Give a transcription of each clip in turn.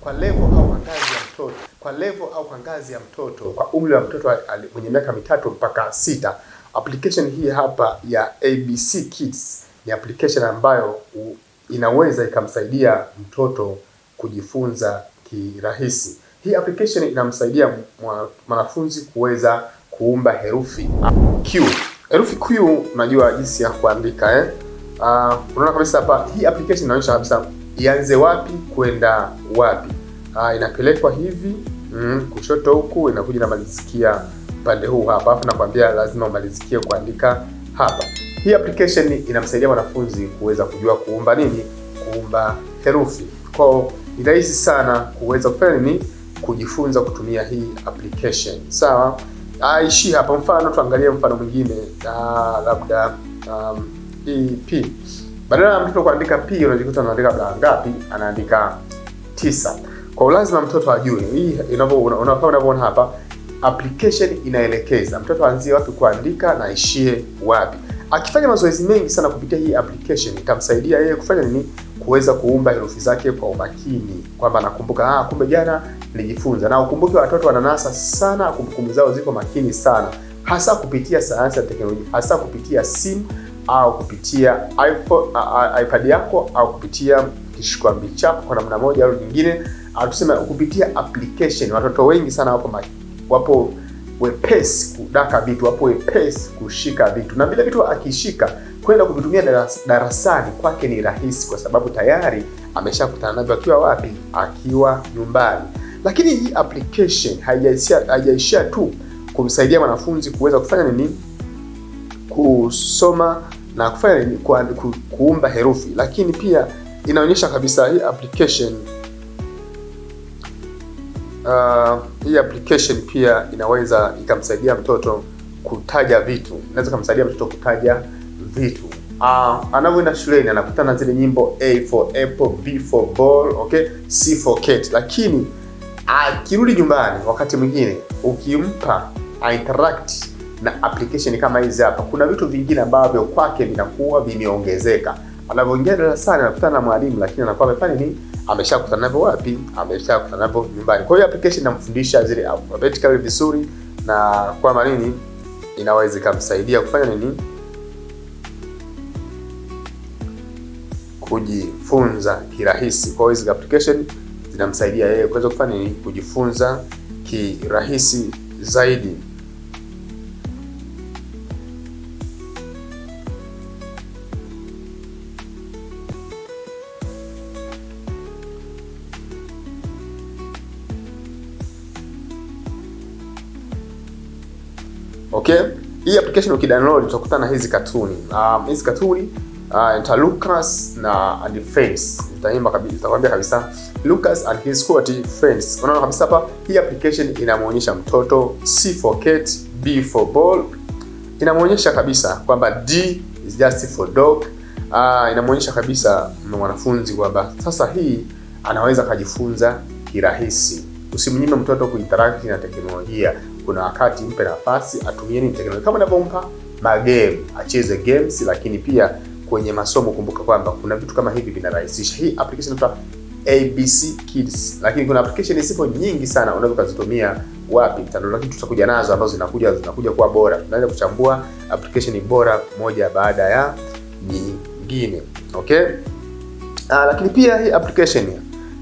kwa levo au kwa ngazi ya mtoto kwa levo au kwa ngazi ya mtoto kwa umri wa mtoto mwenye miaka mitatu mpaka sita. Application hii hapa ya ABC Kids ni application ambayo u, inaweza ikamsaidia mtoto kujifunza kirahisi. Hii application inamsaidia mwanafunzi kuweza kuumba herufi Q. Herufi Q unajua jinsi ya kuandika eh? Uh, unaona kabisa hapa hii application inaonyesha kabisa ianze wapi kwenda wapi. Aa, ah, inapelekwa hivi mm, kushoto huku inakuja namalizikia upande huu hapa, alafu nakwambia lazima umalizikie kuandika hapa. Hii application inamsaidia mwanafunzi kuweza kujua kuumba nini, kuumba herufi. kwa ni rahisi sana kuweza kufanya nini, kujifunza kutumia hii application. Sawa, aishi ah, hapa. Mfano tuangalie mfano mwingine ah, labda um, hii e badala ya mtoto kuandika P unajikuta anaandika bla ngapi? Anaandika tisa. Kwa lazima mtoto ajue. Hii inavyo unafahamu unavyoona hapa application inaelekeza mtoto aanzie wapi kuandika na aishie wapi. Akifanya mazoezi mengi sana kupitia hii application itamsaidia yeye kufanya nini? Kuweza kuumba herufi zake kwa umakini, kwamba anakumbuka, ah, kumbe jana nilijifunza. Na ukumbuke watoto wananasa sana, kumbukumbu zao ziko makini sana, hasa kupitia sayansi ya teknolojia, hasa kupitia simu au kupitia iPad yako au kupitia kishikwambi chako kwa namna moja au nyingine, au tuseme kupitia application. Watoto wengi sana wapo wapo wepesi kudaka vitu, wapo wepesi kushika vitu, na vile vitu akishika kwenda kuvitumia daras, darasani kwake ni rahisi, kwa sababu tayari ameshakutana navyo akiwa wapi? Akiwa nyumbani. Lakini hii application haijaishia tu kumsaidia mwanafunzi kuweza kufanya nini kusoma na kufanya ku, kuumba herufi, lakini pia inaonyesha kabisa hii application uh, hii application pia inaweza ikamsaidia mtoto kutaja vitu, inaweza kumsaidia mtoto kutaja vitu uh, anavyoenda shuleni anakutana zile nyimbo A for apple, B for ball, okay, C for cat, lakini akirudi uh, nyumbani wakati mwingine ukimpa uh, interact na application kama hizi hapa, kuna vitu vingine ambavyo kwake vinakuwa vimeongezeka. Anavyoingia darasani anakutana na mwalimu, lakini anakuwa amefanya nini? Ameshakutana navyo wapi? Ameshakutana navyo nyumbani. Kwa hiyo application inamfundisha zile alphabetical vizuri, na kwa maana nini inaweza ikamsaidia kufanya nini, kujifunza kirahisi. Kwa hiyo hizi application zinamsaidia yeye kuweza kufanya nini, kujifunza kirahisi zaidi. Okay? Hii application ukidownload utakuta na hizi katuni. Um, hizi katuni uh, ita Lucas na and friends. nitaimba kabisa, nitakwambia kabisa Lucas and his squad friends. Unaona kabisa hapa hii application inamuonyesha mtoto C for cat, B for ball. Inamuonyesha kabisa kwamba D is just for dog. Uh, inamuonyesha kabisa mwanafunzi kwamba sasa hii anaweza kujifunza kirahisi. Usimnyime mtoto kuinteract na teknolojia kuna wakati mpe nafasi, atumieni teknolojia kama inavyompa magame, acheze games, lakini pia kwenye masomo kumbuka kwamba kuna vitu kama hivi vinarahisisha. Hii application inaitwa ABC Kids, lakini kuna application zipo nyingi sana unaweza kuzitumia wapi mtandao, lakini tutakuja nazo ambazo zinakuja zinakuja kuwa bora. Tunaanza kuchambua application bora moja baada ya nyingine, okay. Aa, ah, lakini pia hii application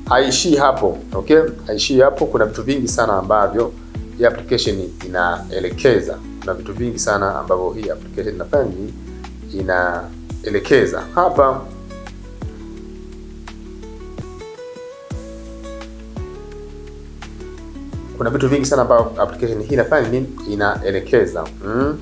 haishii hapo, okay, haishii hapo. Kuna vitu vingi sana ambavyo hii application inaelekeza. Kuna vitu vingi sana ambavyo hii application inafanya, inaelekeza hapa kuna vitu vingi sana ambavyo application hii inafanya nini, inaelekeza mm.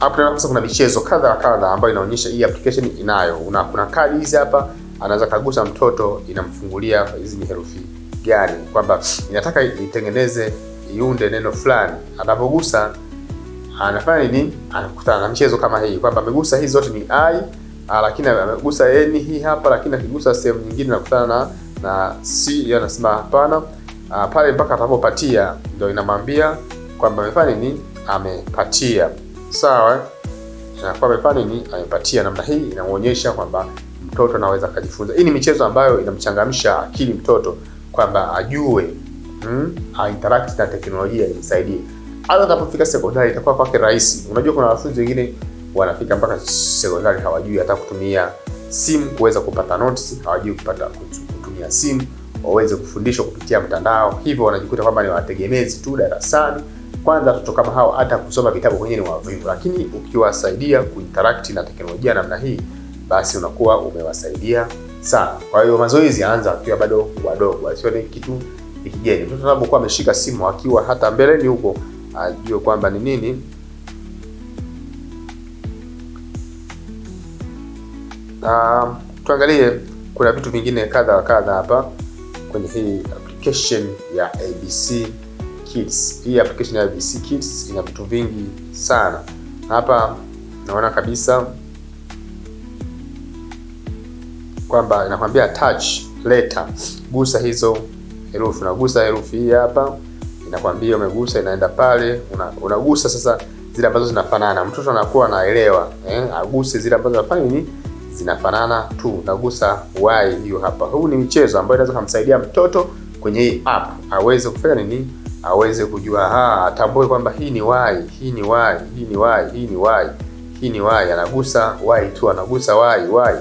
Hapo na kuna michezo kadha kadha ambayo inaonyesha hii application inayo. Una, kuna kadi hizi hapa, anaweza kagusa mtoto inamfungulia hizi ni herufi gani, kwamba inataka itengeneze iunde neno fulani, anapogusa anafanya nini? Anakutana na mchezo kama hii kwamba amegusa hizi zote ni i, ah, lakini amegusa n hii hapa, lakini akigusa sehemu nyingine nakutana na na c, anasema hapana ah, pale, mpaka atapopatia, ndio inamwambia kwamba amefanya nini, amepatia. Sawa, inakuwa eh? amefanya nini, amepatia. Namna hii inamuonyesha kwamba mtoto anaweza akajifunza. Hii ni michezo ambayo inamchangamsha akili mtoto kwamba ajue mm, interact na teknolojia imsaidie. Hata atakapofika sekondari itakuwa kwake rahisi. Unajua kuna wanafunzi wengine wanafika mpaka sekondari hawajui hata kutumia simu kuweza kupata notes, hawajui kupata kutumia simu waweze kufundishwa kupitia mtandao, hivyo wanajikuta kwamba ni wategemezi tu darasani. Kwanza watoto kama hao hata kusoma vitabu kwenyewe ni wavivu, lakini ukiwasaidia kuinteract na teknolojia namna hii, basi unakuwa umewasaidia sana. Kwa hiyo mazoezi yaanza wakiwa bado wadogo, asio kitu ni kigeni. Mtoto anapokuwa ameshika simu akiwa hata mbeleni huko, ajue kwamba ni nini na tuangalie, kuna vitu vingine kadha wa kadha hapa kwenye hii application ya ABC Kids. Hii application ya ABC Kids ina vitu vingi sana hapa, naona kabisa kwamba inakwambia touch letter, gusa hizo herufi. Unagusa herufi hii hapa, inakwambia umegusa, inaenda pale, unagusa una sasa zile ambazo zinafanana, mtoto anakuwa anaelewa eh, aguse zile ambazo zinafanya nini, zinafanana tu. Nagusa y hiyo hapa. Huu ni mchezo ambao inaweza kumsaidia mtoto kwenye hii app aweze kufanya nini, aweze kujua, ha, ah, atambue kwamba hii ni y, hii ni y, hii ni y, hii ni y, hii ni y. Anagusa y tu, anagusa y y,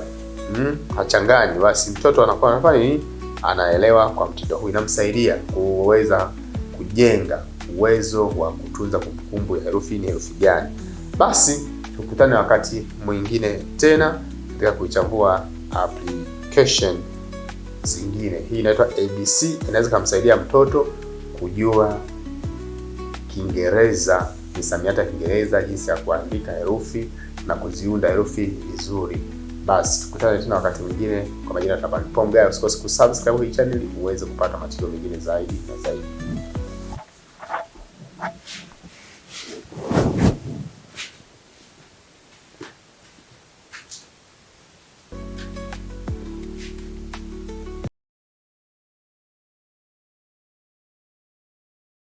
mm, achanganye Basi mtoto anakuwa anafanya nini anaelewa kwa mtindo huu, inamsaidia kuweza kujenga uwezo wa kutunza kumbukumbu ya herufi ni herufi gani. Basi tukutane wakati mwingine tena katika kuichambua application zingine. Hii inaitwa ABC, inaweza kumsaidia mtoto kujua Kiingereza, misamiati ya Kiingereza, jinsi ya kuandika herufi na kuziunda herufi vizuri. Basi tukutane tena wakati mwingine kwa majina ya Tabani Pombe. Usikose kusubscribe hii channel uweze kupata matukio mengine zaidi na zaidi.